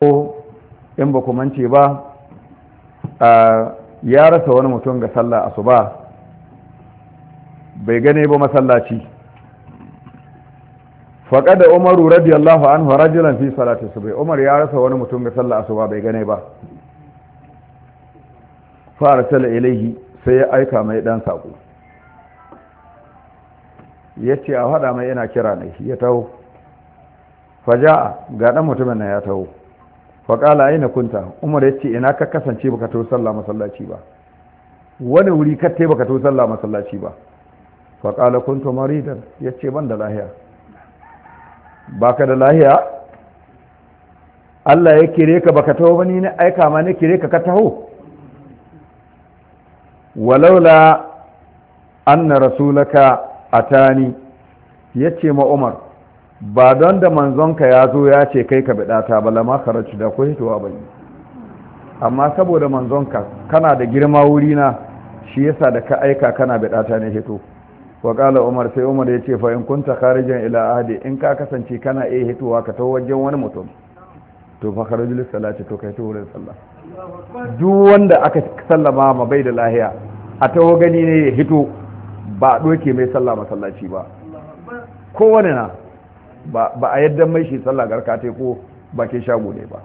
ko in ba ce ba ya rasa wani mutum ga sallah asuba bai gane ba masallaci Faƙar da umaru radiyallahu anhu rajulan fi salati subai umar ya rasa wani mutum ga sallah asuba bai gane ba fara tala ilaihi sai ya aika mai dan saƙo ya ce a haɗa mai yana kira ne ya taho faja ga ɗan mutumin na ya taho faƙala ina kunta umar ya ce ina ka kasance baka to sallah masallaci ba wani wuri ka te baka to sallah masallaci ba faƙala kuntu maridar ya ce ban da lahiya Ba ka da lahiya Allah ya kire ka baka taho ba ni na aika ma ne kire ka ka taho walaula na rasulaka ya ce ma umar ba don da manzonka ya zo ya ce kai ka bidata ba lama kharaju da ku hitowa ba amma saboda manzonka kana da girma wuri na shi yasa da ka aika kana bidata ne hito wa umar sai umar ya ce fa in kunta kharijan ila ahdi in ka kasance kana eh hitowa ka tawo wajen wani mutum to fa kharaju lis salati to kai to wurin sallah duk wanda aka sallama ma bai da lahiya a tawo gani ne ya hito ba doke mai sallah masallaci ba kowane na ba a yadda mai shi sallah garka ta ko bakin shago ne ba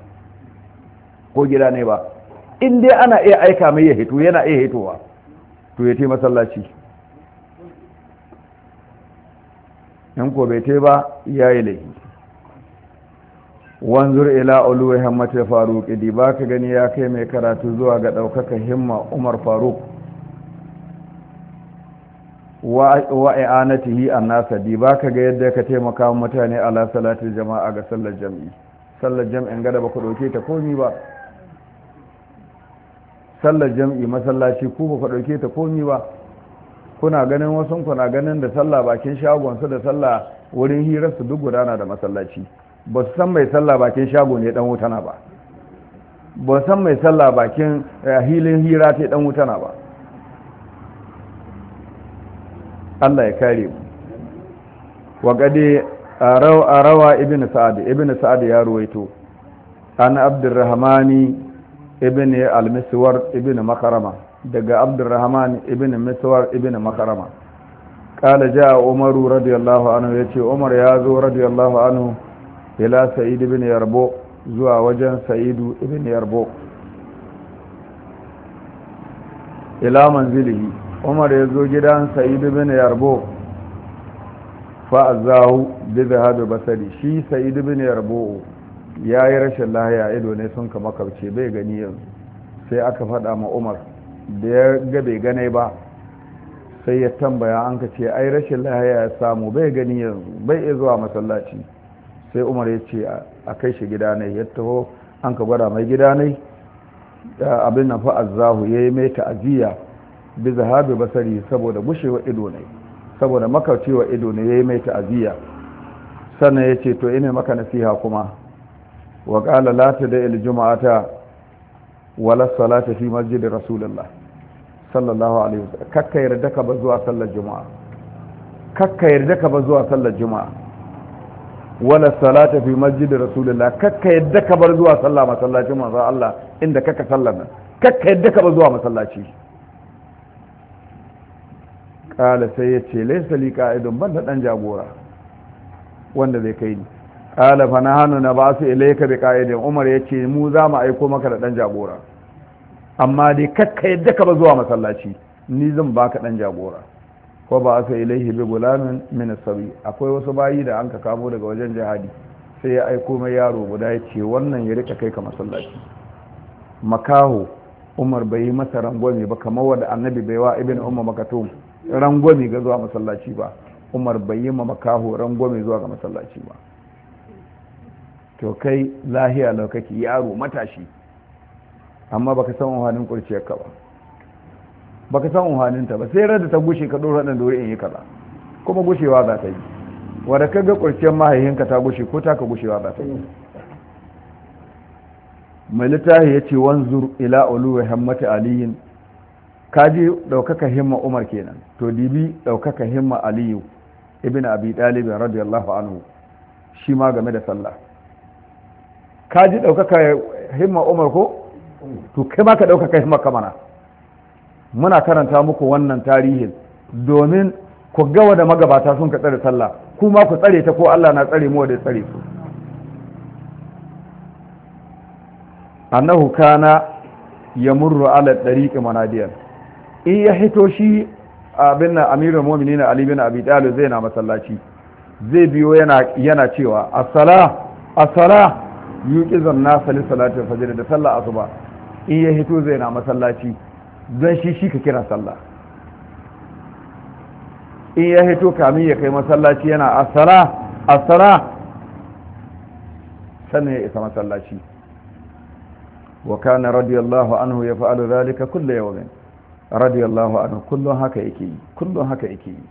ko gida ne ba inda ana iya aika mai ya hito yana iya hitowa to ya taimaka masallaci Yan kobete ba ya yi laifi wanzur ila oluwa himmatu faruk idi ba ka gani ya kai mai karatu zuwa ga ɗaukaka himma umar faruk wa i'anatihi annasa bi ka ga yadda ka taimaka mutane ala salatul jama'a ga sallar jami'i sallar jami'in gada ba ku dauke ta komi ba sallar jami'i masallaci ku ba ku dauke ta komi ba kuna ganin wasu kuna ganin da sallah bakin shagon su da sallah wurin hirar su duk gudana da masallaci ba su san mai sallah bakin shago ne dan wutana ba ba san mai sallah bakin eh, hilin hira ta dan wutana ba Allah ya kare mu wa gade rawa ibn sa'ad ibn sa'ad ya ruwaito an abdurrahman ibn al-miswar ibn makarama daga abdurrahman ibn miswar ibn makarama kala ja umaru radiyallahu anhu yace umar ya zo radiyallahu anhu ila sa'id ibn yarbo zuwa wajen sa'idu ibn yarbo ila manzilihi umar ya zo gidan sa'id bin yarbo fa'azahu bi zahabi basari shi sa'id bin yarbo ya yi rashin lahiya ido ne sun kama kauce bai gani yanzu sai aka faɗa ma umar da ya ga bai gane ba sai ya tambaya an ka ce ai rashin lahiya ya samu bai gani yanzu bai iya zuwa masallaci sai umar ya ce a kai shi gida ne ya taho an ka gwada mai gida ne abin na hu ya yi mai ta'aziyya bi zahabi basari saboda gushewa ido ne saboda makaucewa ido ne ya yi mai ta'aziyya sannan ce to ina maka nasiha kuma wa qala da tada'il juma'ata wala salata fi masjid rasulullah sallallahu alaihi wasallam kakka yarda ka ba zuwa sallar juma'a kakka yarda ka ba zuwa sallar juma'a wala salata fi masjid rasulullah kakka yarda ka bar zuwa sallah masallacin manzo Allah inda kakka sallar nan kakka yarda ka ba zuwa masallaci kala sai ya ce laisa li ka'idun ban da dan jagora wanda zai kai ni kala fa na hannu na ba su ilaika bi ka'idin umar ya ce mu za mu aiko maka da dan jagora amma dai kakka yadda ka ba zuwa masallaci ni zan baka dan jagora ko ba su ilaihi bi gulamin min sabi akwai wasu bayi da an ka kamo daga wajen jihadi sai ya aiko mai yaro guda ya ce wannan ya rika kai ka masallaci makaho umar bai yi masa rangwame ba kamar wadda annabi bai wa ibn umar makatum rangwame ga zuwa masallaci ba umar bai yi ma makaho rangwame zuwa ga masallaci ba to kai lahiya laukaki yaro matashi amma baka san wahalin ka ba baka san ta ba sai rada ta gushe ka dora dan dore in yi kaza kuma gushewa za ta yi wanda ka ga kurciyar mahaihinka ta gushe ko ta ka gushewa za ta yi mai littafi ya ce wanzur ila wa hammata aliyin kaji ɗaukaka himma umar kenan to dibi ɗaukaka himma aliyu ibn abi ɗalibin radiyallahu anhu shi ma game da sallah kaji ɗaukaka himma umar ko to kai ma ka ɗaukaka himma kamana muna karanta muku wannan tarihin domin ku gawa da magabata sun ka tsare sallah kuma ku tsare ta ko allah na tsare mu da tsare su annahu kana yamurru ala ɗariƙi manadiyar in ya hito shi abin na amirul mu'minin na alibin abi talib zai na masallaci zai biyo yana yana cewa asala-asala. yi sala yuqizan nas li salati da sallah asuba in ya hito zai na masallaci don shi shi ka kira sallah in ya hito kamin ya kai masallaci yana asala-asala. sannan ya isa masallaci wa kana radiyallahu anhu ya fa'alu zalika kulle yawmin radiyallahu anhu kullum haka yake yi kullum haka yake yi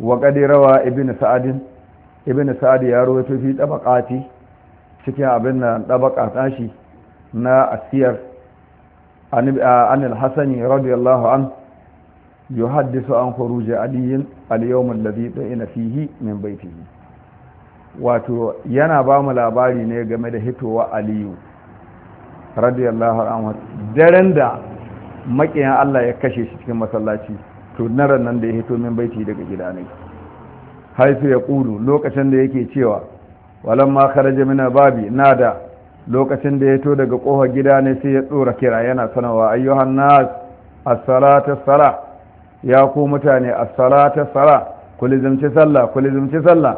wa qadirawa ibnu sa'adin ibnu sa'ad ya rawaito fi tabaqati cikin abin nan tabaqa tashi na asiyar an al-hasani radiyallahu anhu yuhaddisu an khuruj aliyin al-yawm alladhi da'ina fihi min baytihi wato yana ba mu labari ne game da hitowa aliyu radiyallahu anhu daren da makiyan Allah ya kashe shi cikin masallaci to naran nan da ya hito min baiti daga gida ne haifu ya lokacin da yake cewa walan ma kharaja mina babi nada lokacin da ya hito daga kofa gida ne sai ya tsora kira yana sanawa ayyuhan nas as sala ya ku mutane as-salata sala ku lizumci sallah ku lizumci sallah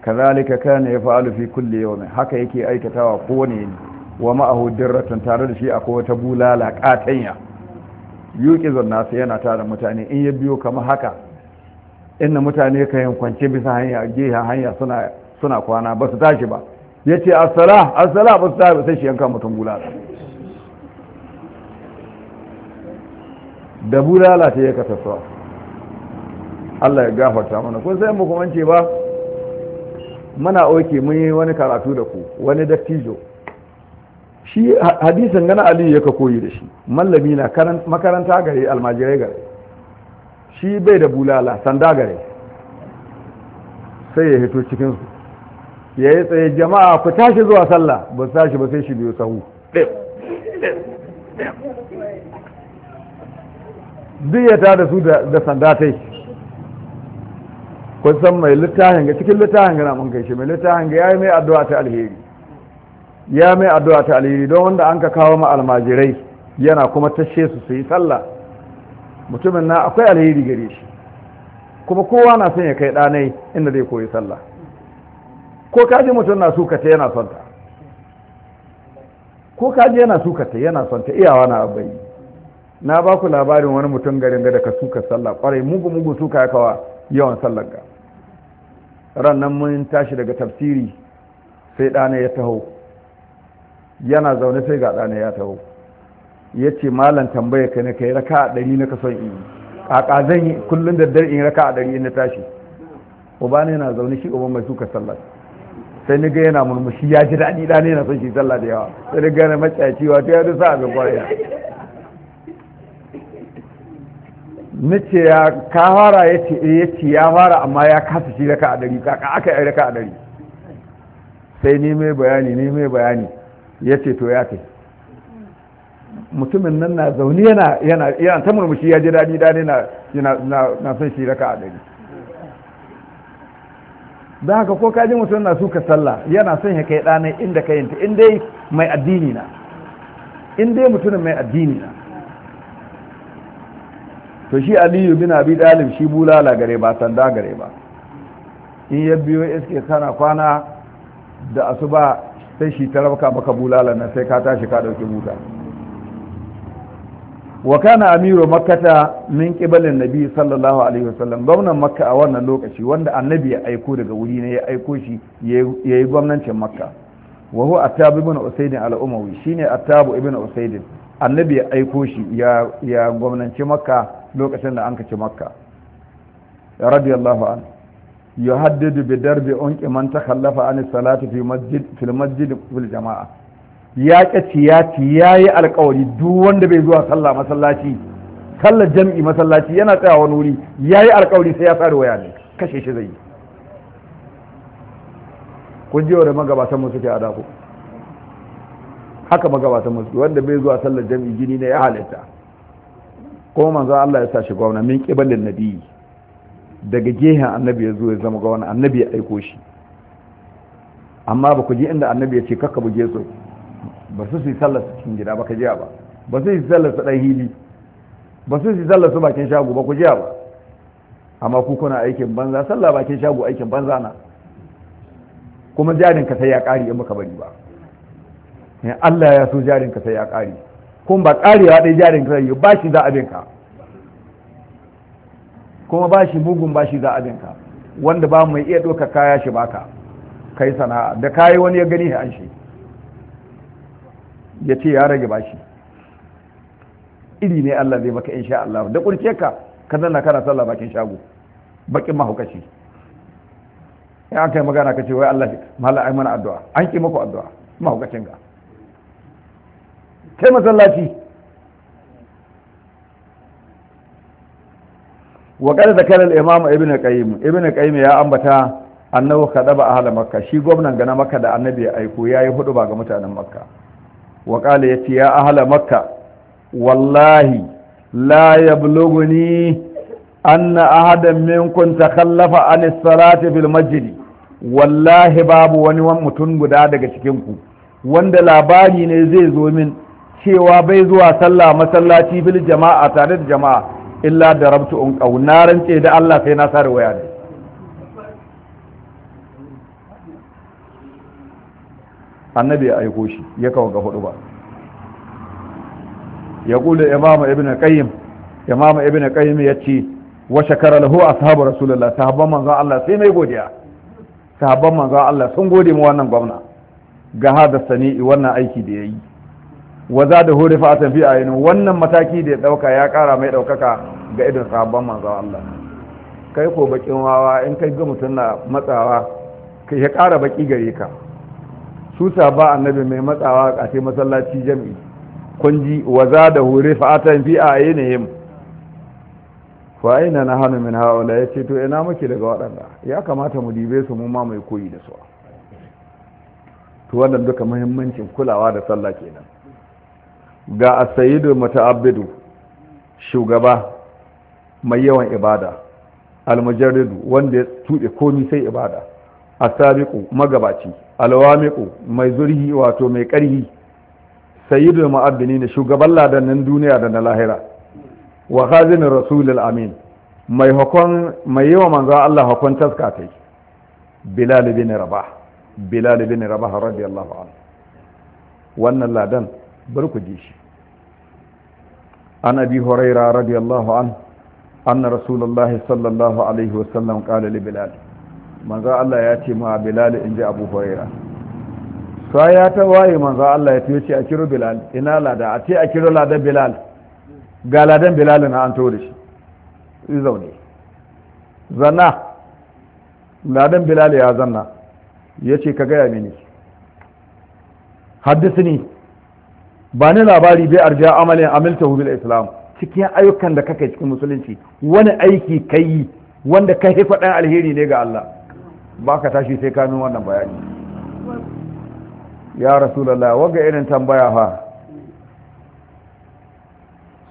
kazalika kana yaf'alu fi kulli yawm haka yake aikatawa kowane yini wa ma'ahu dirratan tare da shi akwai wata bulala katanya yuki zannasa yana tara mutane in ya biyo kamar haka inda mutane ka yin kwance bisa hanya gehen hanya suna suna kwana ba su tashi ba ya ce asala asala ba su tashi sai shi yanka mutum bulala da bulala ta yi kasasuwa Allah ya gafarta mana kun sai mu kuma ce ba muna oke mun yi wani karatu da ku wani dattijo shi hadisin gana aliyu ya ka koyi da shi mallami na makaranta gare almajirai gare shi bai da bulala sanda gare sai ya hito cikinsu ya yi tsaye jama'a ku tashi zuwa sallah ba su tashi ba sai shi biyu sahu duk ya tada su da sanda ta yi kun san mai littafin ga cikin littafin ga na mun kai shi mai littafin ga ya yi mai addu'a ta alheri ya mai addu'a ta alheri don wanda an ka kawo ma almajirai yana kuma tashe su su yi sallah mutumin na akwai alheri gare shi kuma kowa na son ya kai ɗanai inda zai koyi sallah ko kaji mutum na sukata yana son ta ko kaji yana sukata yana son ta iyawa na abai na ba ku labarin wani mutum garin da ka suka sallah kwarai mugu mugu suka ya kawa yawan sallar ga ran nan mun tashi daga tafsiri sai ɗana ya taho yana zaune sai ga ɗana ya taho ya ce malam tambaya ka ne ka yi raka a ɗari na kason in ƙaƙa zan yi kullum da dare in raka a ɗari in na tashi uba ne yana zaune shi uban mai suka sallah sai ni ga yana murmushi ya ji daɗi ɗana yana son shi sallah da yawa sai ni ga yana maciyaci wato ya dusa abin kwarai ni ce ya ka fara ya ce eh, ya ce ya fara amma ya kasa shi raka a ɗari ƙaƙa aka yi raka a ɗari sai ni mai bayani ni mai bayani ya ce to ya kai mutumin nan na zaune yana yana yana ta murmushi ya ji daɗi daɗi na na na son shi raka a ɗari da haka ko ka ji mutum na suka sallah yana son ya kai ɗanai inda ka yanta in dai mai addini na in dai mutumin mai addini na to shi aliyu bin abi dalib shi bulala gare ba sanda gare ba in ya biyo iske kana kwana da asuba sai shi ta rabka maka bulala nan sai ka tashi ka dauki buta wa kana amiru makkata min qibalin nabi sallallahu alaihi wasallam gwamnan makka a wannan lokaci wanda annabi ya aiko daga wuri ne ya aiko shi yayi gwamnancin makka wa huwa attab ibn usayd al-umawi shine attab ibn usayd annabi ya aiko shi ya ya makka lokacin da an kace makka radiyallahu anhu yuhaddidu bi darbi unqi man takhallafa an salati fi masjid fil masjid fil jama'a ya kace ya ci yayi alƙawari duk wanda bai zuwa sallah masallaci sallar jam'i masallaci yana tsaya wani wuri yayi alƙawari sai ya tsare waya ne kashe shi zai kun ji wa magabatan mu suke adako haka magabatan mu wanda bai zuwa sallar jam'i gini ne ya halitta kuma manzo Allah ya sa shi gwamna min qibalin nabiyyi daga gehen annabi ya zo ya zama ga wani annabi ya aiko shi amma ba ku ji inda annabi ya ce kakka buge su ba su su yi sallar su cikin gida ba ka jiya ba ba su yi sallar su ɗan hili ba su yi sallar su bakin shago ba ku jiya ba amma ku kuna aikin banza sallah bakin shago aikin banza na kuma jarin ka sai ya ƙari in baka bari ba eh, Allah ya so jarin ka sai ya ƙari kuma ba ƙarewa ɗaya jarin ka sai ba shi za abin ka kuma ba shi mugun ba shi za ka. wanda ba mai iya ɗauka kaya shi baka kai sana'a da kayi wani ya gani ya an shi ya ce ya rage bashi iri ne Allah zai maka insha Allah da kurce ka ka zanna kana sallah bakin shago bakin mahaukaci Ya kai magana ka ce wai Allah mala ai mana addu'a an ki muku addu'a mahaukacin ga kai masallaci waƙar da zakara imam ibn qayyim ibn qayyim ya ambata annahu kadaba ahla makka shi gwamnan gana na makka da annabi ya aiko yayi hudu ba ga mutanen makka wa qala yati ya ahla makka wallahi la yablughuni anna ahadan minkum takhallafa an as-salati fil masjid wallahi babu wani mutum guda daga cikin ku wanda labari ne zai zo min cewa bai zuwa sallah masallaci fil jama'a tare da jama'a illa da rabtu un na rance da Allah sai na sare waya ne annabi ya aiko shi ya kawo ga hudu ba ya kula imamu ibn qayyim imamu ibn qayyim ya ce wa shakara lahu ashabu rasulullah sahabban manzon Allah sai mai godiya sahabban manzon Allah sun gode mu wannan gwamna ga hada sani wannan aiki da yayi wa za da hori tafi a ayinu wannan mataki da ya ɗauka ya ƙara mai ɗaukaka ga idon sabon manzon Allah kai ko bakin wawa in kai ga mutum na matsawa kai ya ƙara baki gare ka su ba annabi mai matsawa a ce masallaci jami'i kunji wa za da hori fatan fi ayinihim fa aina na hannu min haula ya ce to ina muke daga waɗanda ya kamata mu dibe su mu ma mai koyi da su to wannan duka muhimmancin kulawa da sallah kenan ga a asayidu muta'abbidu shugaba mai yawan ibada almujarridu wanda ya tuɗe komi sai ibada a sabiku magabaci alwamiqu mai zurhi wato mai ƙarhi sayidu sayyidul ne shugaban ladannin duniya da na lahira wa khazinur rasulul amin mai yawan mai yawa manzo Allah hukun taskatai bilal bin rabah bilal bin rabah radiyallahu anhu wannan ladan bari ku ji shi an abi huraira radiyallahu an anna rasulullahi sallallahu alaihi wasallam qala li bilal manzo Allah ya ce ma bilal in ji abu huraira sai ya ta waye manzo Allah ya ce a kiro bilal ina lada a ce a kiro lada bilal ga ladan bilal na an tore shi zaune zanna ladan bilal ya zanna ya ce ka gaya mini haddisini ba ni labari bai arja amalin amiltahu bil islam cikin ayyukan da kake cikin musulunci wani aiki ka yi wanda ka haifa ɗan alheri ne ga Allah ba ka tashi sai ka min wannan bayani ya rasulallah waga irin tambaya fa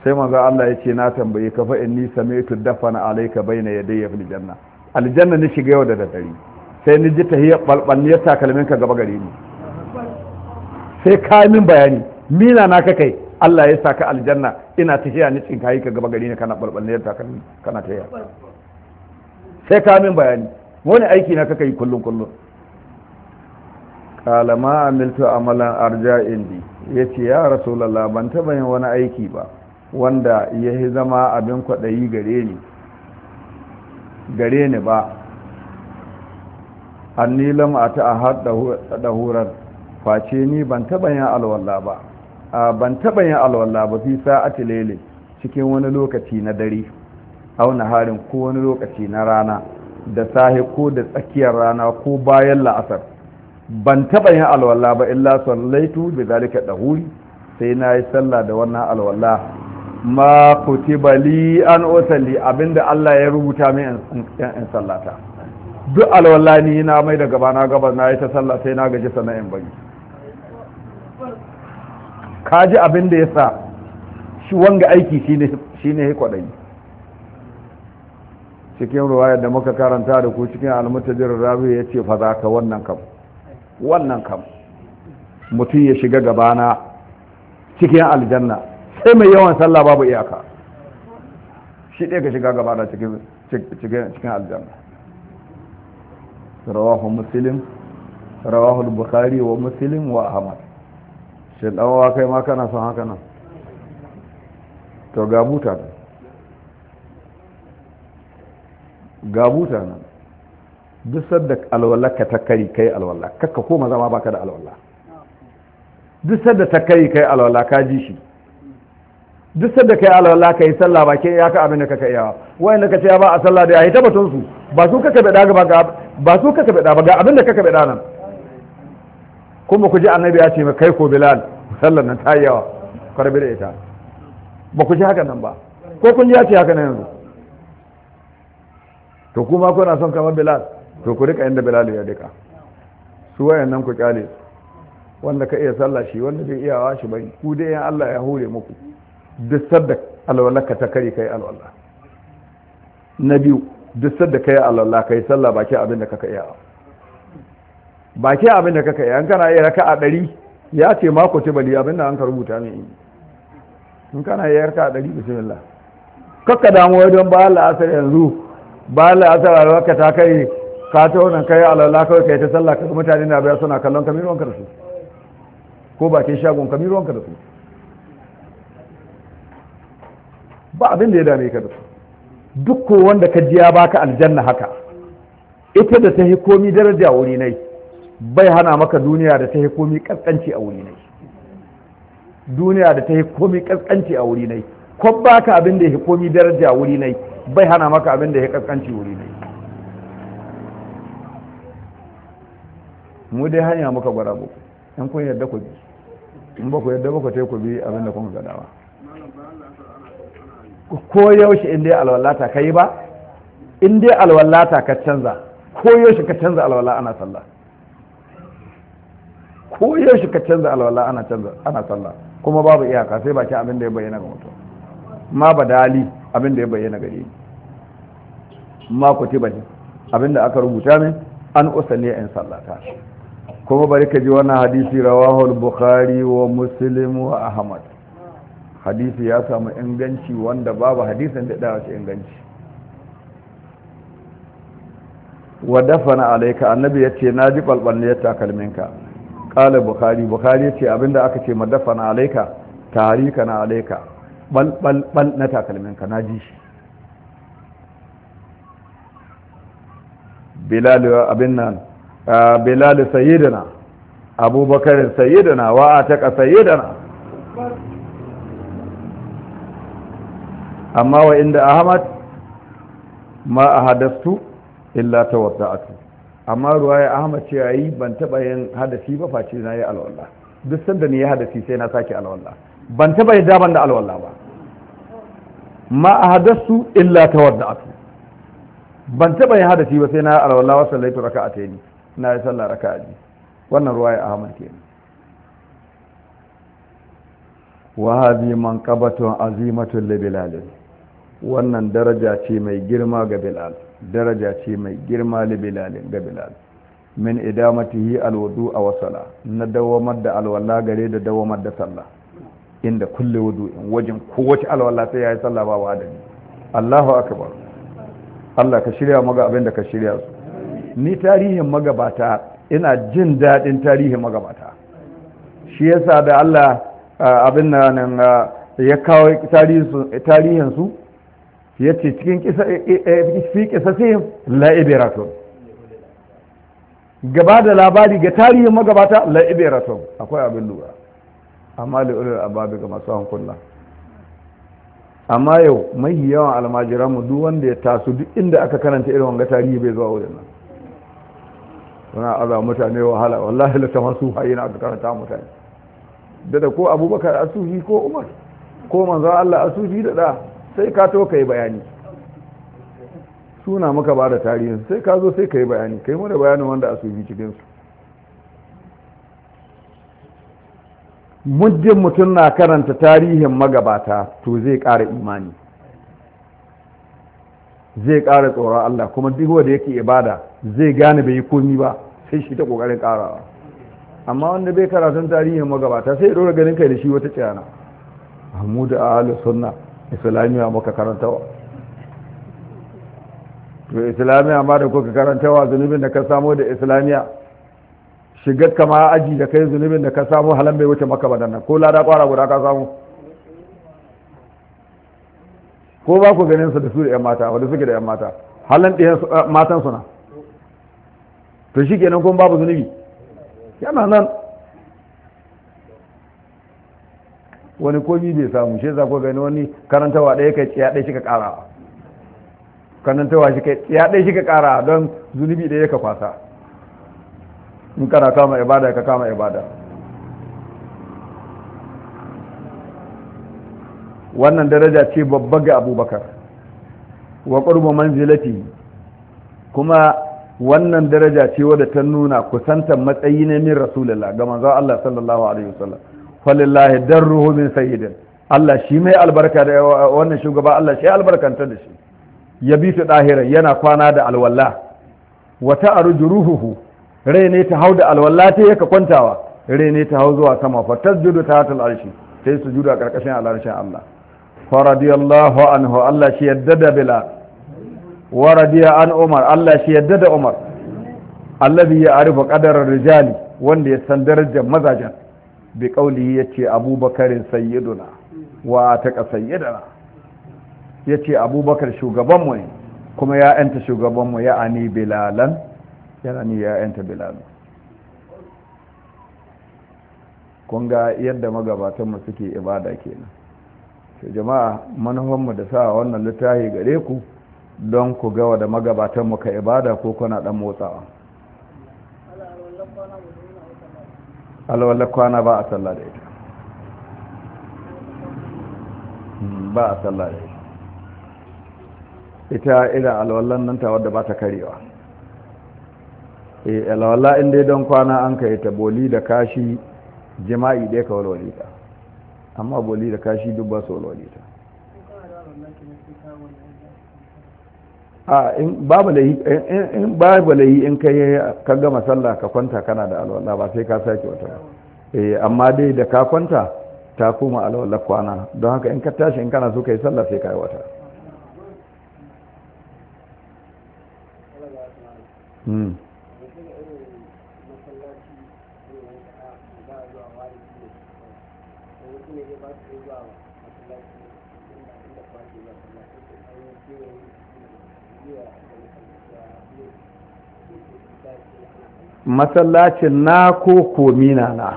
sai manzo Allah ya ce na tambaye ka fa inni sami'tu dafana alayka bayna yaday fil janna aljanna ni shiga yau da daddare sai ni ji tahiyya balbal ne ya takalmin ka gaba gare ni sai ka min bayani mina na ka kai Allah ya sa ka aljanna ina tafiya ni tsin kayi ka gaba gari ne kana balballe ta kan kana tafiya sai ka min bayani wani aiki na kaka yi kullun kullun qala ma amiltu amalan arja indi yace ya rasulullah ban taba yin wani aiki ba wanda ya zama abin kwaɗayi gare ni gare ni ba annilam a ta a haɗa hurar face ni ban taɓa yin alwalla ba ban taba yin alwala ba fi sa'ati lele cikin wani lokaci na dare auna harin ko wani lokaci na rana da sahi ko da tsakiyar rana ko bayan la'asar ban taba yin alwala ba illa sallaitu bi zalika dahuri sai na yi sallah da wannan alwala ma kutiba li an usalli abinda Allah ya rubuta min in sallata duk alwala ni na mai da gaba na gaba na yi ta sallah sai na gaji sana'in bari ka ji abin da ya sa shi wanga aiki shi ne kwaɗayi cikin ruwayar da muka karanta da ku cikin almutajir rabi ya ce faza ka wannan kam wannan kam mutum ya shiga gabana cikin aljanna sai mai yawan sallah babu iyaka shi ɗaya ka shiga gabana cikin aljanna rawahu muslim rawahu bukhari wa muslim wa ahmad shi ɗawawa kai ma kana son haka nan to ga buta nan ga buta nan duk sadda alwala ka ta kai kai alwala kakka koma zama baka da alwala duk sadda ta kai kai alwala ka ji shi duk sadda kai alwala ka yi sallah ba ke ya ka abin da kaka iyawa wayan da ka ce ba a sallah da ya yi tabbatun su ba su kaka bada ba ga abin da kaka bada nan kuma ku ji annabi ya ce mai kai ko bilal sallar nan ta yi yawa karbi da ita ba ku ji haka nan ba ko kun ji ya ce haka nan yanzu to kuma kuna son kamar bilal to ku rika inda bilal ya dika su wayan nan ku kyale wanda ka iya sallah shi wanda bai wa shi bai ku dai yan Allah ya hore muku duk sadda ka ta kare kai alwala na biyu duk sadda kai alwala kai sallah baki abin da kaka iya. ba ke abin da kaka yi an kana yi raka a ɗari ya ce mako ce bali abin da an ka rubuta min in kana yi raka a ɗari bismillah kakka damu don ba la'asar yanzu ba la'asar a raka ta kai ka ta wannan kai alala kawai kai ta sallah kaga mutane na biya suna kallon kamiruwan ka da su ko bakin shagon kamiruwan ka da su ba abin da ya dame ka da su duk ko wanda ka jiya baka aljanna haka ita da ta hi komi daraja wuri nai bai hana maka duniya da ta yi komi kaskanci a wuri nai duniya da ta yi komi kaskanci a wuri nai ko baka abin da ya komi daraja a wuri nai bai hana maka abin da ya kaskanci wuri nai mu dai hanya muka gwada ku in kun yarda ku bi in ba ku yarda ba ku ta ku bi abin da kun ba ko yaushe in dai alwallata ka yi ba in dai alwallata ka canza ko yaushe ka canza alwala ana sallah ko yaushe ka canza alwala ana canza ana sallah kuma babu iyaka sai baki abin da ya bayyana ga mutum ma ba dali abin da ya bayyana gare ni ma ti ne abin da aka rubuta min an usalli in sallata kuma bari ka ji wannan hadisi rawahu al-bukhari wa muslim wa ahmad hadisi ya samu inganci wanda babu hadisin da da shi inganci wa dafana alayka annabi yace naji balballe ya takalminka kala bukhari bukhari yace abinda aka ce madafana alaika tarika na alaika bal bal bal na takalmin ka naji shi bilal abin nan bilal sayyidina abubakar sayyidina wa ataka sayyidina amma wa inda ahmad ma ahadastu illa tawadda'atu amma ruwa ya ahmad ce yi ban taba yin hadasi ba face na yi alwala duk sanda ne ya hadasi sai na sake alwala ban taba yi daban da alwala ba ma a hadasu illa tawadda'atu ban taba yin hadasi ba sai na yi alwala wa sallaitu taini na yi sallah a ji wannan ruwa ahama ahmad kenan wa man kabaton azimatun li wannan daraja ce mai girma ga bilal daraja ce mai girma libilalin ga bilal min idamatihi alwudu a wasala na dawamar da alwala gare da dawamar da sallah inda kulle wudu in wajen kowace alwala sai ya yi sallah ba wa adadi allahu akbar allah ka shirya maga abin da ka shirya su ni tarihin magabata ina jin daɗin tarihin magabata shi yasa da allah abin nan ya kawo tarihinsu ya ce cikin eh, eh, eh, fi kisasihim la'ibiratun gaba da labari ga tarihin magabata la'ibiratun akwai abin lura amma li'ular ababi ga masu hankula amma yau mai yawan almajiran mu duk wanda ya taso duk inda aka karanta irin wanga tarihi bai zuwa wurin nan suna aza mutane wahala wallahi littafin su hayi na aka karanta mutane da da ko abubakar asuhi ko umar ko manzan allah asuhi da da sai ka to ka yi bayani suna maka ba da tarihin sai ka zo sai ka yi bayani ka yi mana bayanin wanda a su cikinsu muddin mutum na karanta tarihin magabata to zai ƙara imani zai ƙara tsoron Allah kuma duk wanda yake ibada zai gane bai yi komi ba sai shi ta kokarin karawa amma wanda bai karatun tarihin magabata sai ya dora ganin kai da shi wata tsayana mu a ahalu sunna Islamiyya muka karantawa to islamiyya ma da kuka karantawa zunubin da ka samu da islamiya shigar kama aji da kai zunubin da ka samu halan bai wuce maka badannan ko lada kwara guda ka samu ko ba ku ganin su da su da 'yan mata wanda suke da 'yan mata halan ɗiyan matan suna to shi kenan kun babu zunubi yana nan wani komi bai samu shi za ko gani wani karantawa ɗaya kai tsiya ɗaya shi ka ƙara karantawa shi kai tsiya ɗaya shi ka ƙara don zunubi ɗaya ka kwasa in kana kama ibada ka kama ibada wannan daraja ce babba ga abubakar wa ƙurbu manzilati kuma wannan daraja ce wadda ta nuna kusantar matsayi ne min rasulullah ga manzo Allah sallallahu alaihi wasallam falillahi darruhu min sayyidin Allah shi mai albarka da wannan shugaba Allah shi albarkanta da shi ya bi su ɗahira yana kwana da alwala wata aruju ruhuhu rene ta hau da alwalla ta yaka kwantawa rene ta hau zuwa sama fa tasjudu ta hatal arshi ta yi sujudu a ƙarƙashin al'arshin Allah fa radiyallahu anhu Allah shi yadda da bila wa radiya an Umar Allah shi yadda da Umar allazi ya arifa qadara rijali wanda ya san darajar mazajen bi kauli yace abubakarin sayyiduna wa ta taqa sayyidana yace abubakar shugaban mu ne kuma ya yanta shugaban mu ya'ani bilalan yana ni ya yanta bilalan kun ga yadda magabatan mu suke ibada kenan to jama'a manufan mu da sa wannan littafi gare ku don ku ga wa da magabatan mu ka ibada ko kuna dan motsawa alwallar kwana ba a sallah da ita ba a sallah da ita ita irin alwallar nan ta wadda ba ta karewa eh, in inda don kwana an ka ta boli da kashi jima'i dai ka walwale amma boli da kashi duk ba su walwale Aa in babu layi in babu in ka gama sallah ka kwanta kana da alwala ba sai ka sake wata ba eh amma dai da ka kwanta ta koma alwala kwana don haka in ka tashi in kana so kai sallah sai ka yi wata hmm. masallacin na ko komina na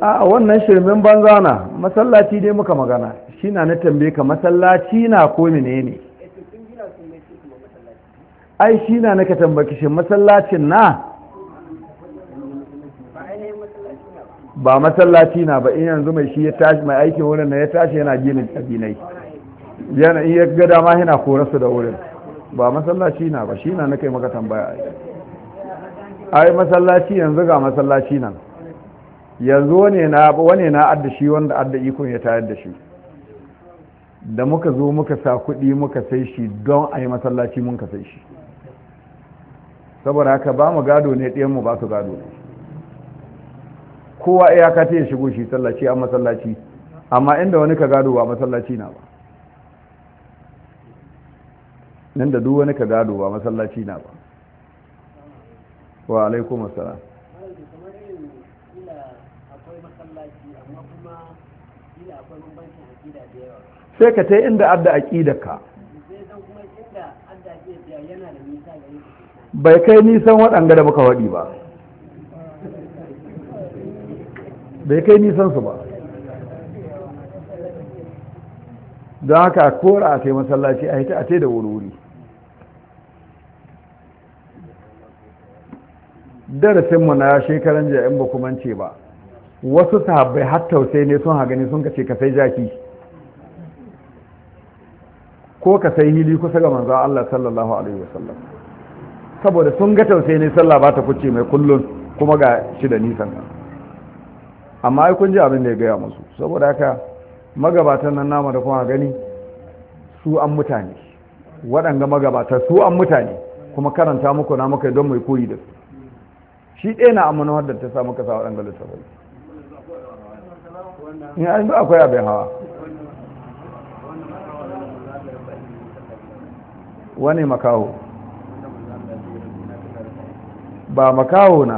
a wannan shirmin banza na masallaci dai muka magana shi na na tambaye ka masallaci na ko mine ne ai shi na naka tambaki shi masallacin na ba masallaci na ba in yanzu mai shi ya tashi mai aikin wurin na ya tashi yana ginin abinai yana iya ga dama yana su da wurin ba masallaci na ba shi na na kai maka tambaya a ai masallaci yanzu ga masallaci nan yanzu wane na wane na adda shi wanda adda ikon ya tayar da shi da muka zo muka sa kuɗi muka sai shi don a yi masallaci mun ka sai shi saboda haka ba mu gado ne ɗayan mu ba su gado ne kowa iyaka ta ya shigo shi sallaci a masallaci amma inda wani ka gado ba masallaci na ba nan da duk wani ka gado ba masallaci na ba wa alaikum assalam sai ka ta inda adda aƙidaka bai kai nisan waɗanga da muka waɗi ba bai kai nisan su ba don haka kora a sai masallaci a hita a sai da wuri-wuri darasinmu na shekaran jami'in ba kuma ce ba wasu sahabbai har tausayi ne sun hagani sun kace ka sai jaki ko ka sai hili kusa ga manzo Allah sallallahu alaihi wasallam saboda sun ga tausayi ne sallah ba ta kuce mai kullun kuma ga shi da nisan amma ai kun ji abin da ya gaya musu saboda haka magabatan nan nama da kuma gani su an mutane waɗanga magabata su an mutane kuma karanta muku na muka don mai koyi da su shi ɗaya na amana wadda ta samu kasa waɗanda littafai in an zo akwai abin hawa wani makaho ba makaho na